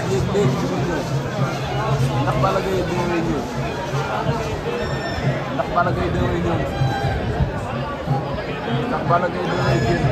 ndax Balla Gaye dina lay ñëw ndax Balla Gaye dina lay ñëw ndax Balla Gaye dina lay génn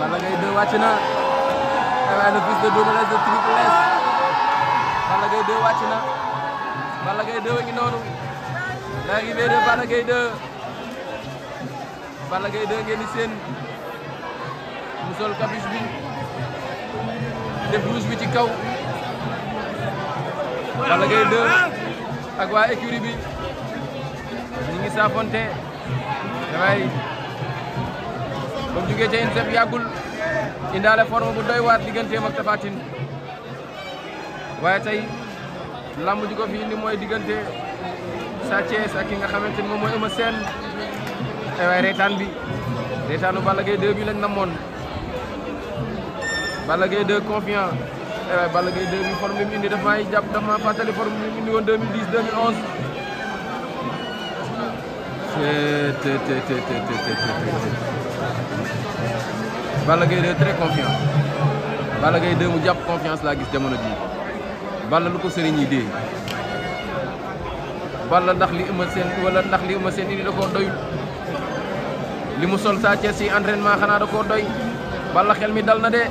Balla Gaye 2 wàcc na waaye le fils de Double Less de Triple Less Balla Gaye 2 wàcc na Balla Gaye 2 ngi noonu l'arrivée de Balla Gaye 2 Balla Gaye 2 bi def rouge bi ci kaw Balla Gaye 2 ak waa bi ñu ngi saafonte waaye ba mu jugee ca INSEP yàggul indaale forme bu doy waar digganteem ak Tapha waaye tey lamb ji ko fi indi mooy diggante Sa ak ki nga xamante ni moom mooy Eumeu Sène ay eh waaye reetaan bi reetaanu Balla Gaye 2 bi lañ namoon Balla Gaye 2 confiant ay eh waaye Balla Gaye 2 bi forme bi mu indi dafay jàpp dafa maa fàttali forme bi mu indi woon 2010 2011 Balla Gaye 2 très confiant Balla Gaye 2 mu jàpp confiance laa gis jamono ji Balla lu ko sëriñ yi dee Balla ndax li ëmma seen wala ndax li ëmma seen indi da koo doyul li mu sol saa Cees yi entraînement xanaa da koo doy Balla xel mi dal na de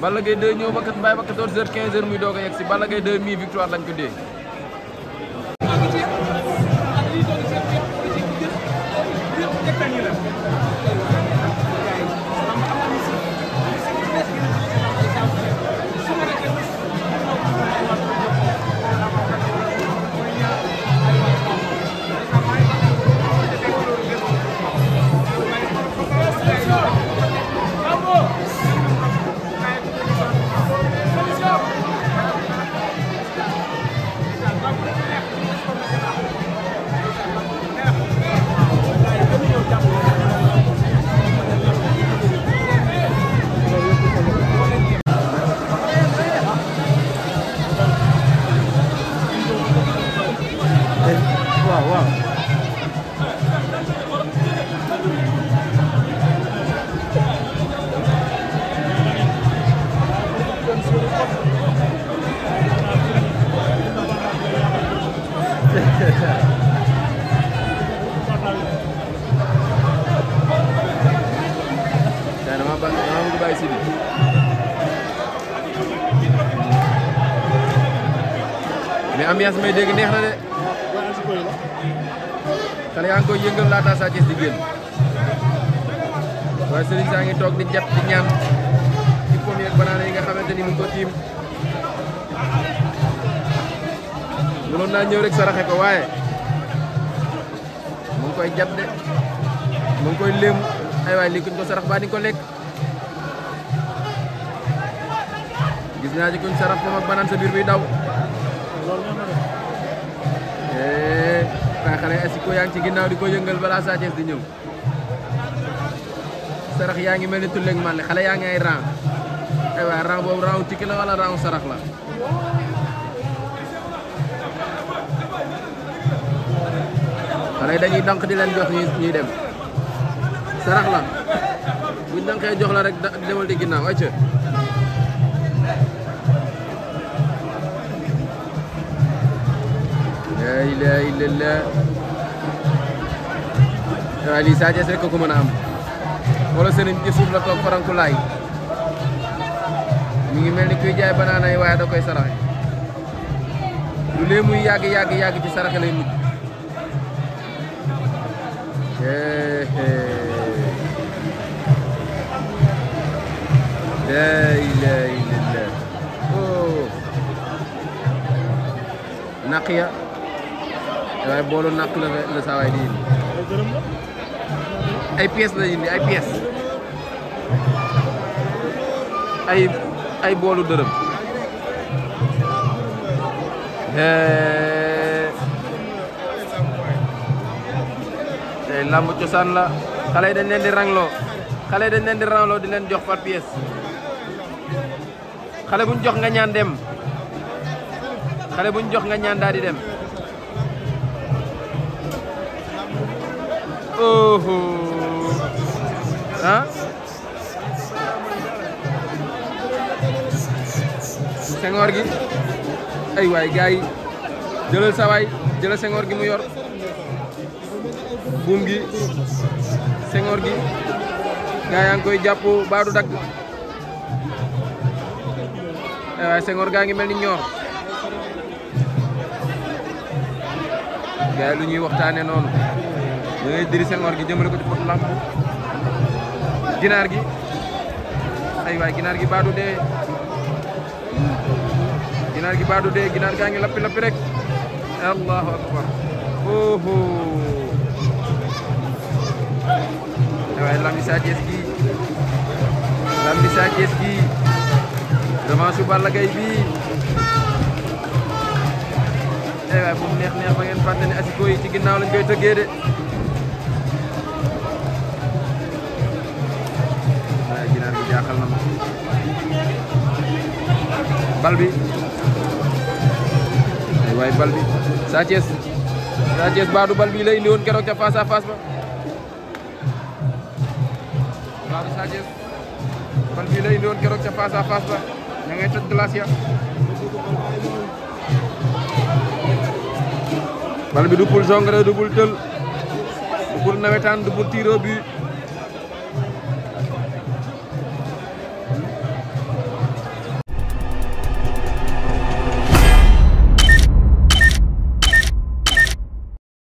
Balla Gaye 2 ñëw ba kat bàyyi muy doog a yegg si Balla Gaye 2 mi victoire lañ ko dee ci Baye Sidi mais ambiance may dégg neex na de xale yaa ngi yëngal laata Sa Thiès di génn waaye Serigne saa ngi toog di jàpp di ñaan ci pomme ak banaana yi nga xamante ni mu ko tiim mënoon naa ñëw rek saraxe ko waaye mu ngi koy jàpp de mu ngi koy léem ay waay lii kuñ ko sarax baa di ko lekk gis naa ci kuñ saraf ko mag banaan biir bi daw ee eh, kaa yaa ngi ci ginnaaw di ko yëngal balaa Sa Thiès di sarax yaa ngi mel ni tulleeg man le xale yaa ngi ay rang ay waa rang boobu rangu tikki la wala rangu sarax la xale dañuy dank di leen jox ñuy dem sarax la buñ dankee jox la rek demal di ginnaaw acca laa ilaaha illallaah waaye lii Sa Thiès rek ko mën a wala sëriñ ci suuf la toog faranku laay mi ngi mel ni kuy jaay banaana yi waaye koy saraxe lu lee muy yàgg yàgg yàgg ci saraxe lay laa ilaaha oh. waaye boolu nak la la saa ay pièces la indi ay pièces ay boolu dërëm tey làmb cosaan la xale yi dañ leen di rangloo xale yi dañ leen di rangloo di leen jox par pièce xale buñ jox nga ñaan dem xale buñ jox nga ñaan daal di dem oh ah. sengoor gi ay waay gars yi jëlal sa jëlal sengoor gi mu yor buum gi gi gars yaa ngi koy jàpp baa du dagg ay waay sengoor gaa ngi mel ni ñoor gars yi lu ñuy waxtaane noonu da ngay diri seen war gi jëmale ko ci pot ginaar gi ay ginaar gi baadu dee ginaar gi baadu dee ginaar gaa ngi lappi lappi rek allahu akbar oho ay waay lambi Sa gi lambi Sa Thiès gi revanche Balla Gaye bi ay waay neex neex ba ngeen fàtte ne ci ginnaaw lañ koy tëggee de jaaxal na ma bal bi waaye bal bi Sa Thiès baadu bal bi la indi woon keroog ca face à ba baadu Sa Thiès bal bi la indi woon keroog tël du nawetaan du pul tiro bi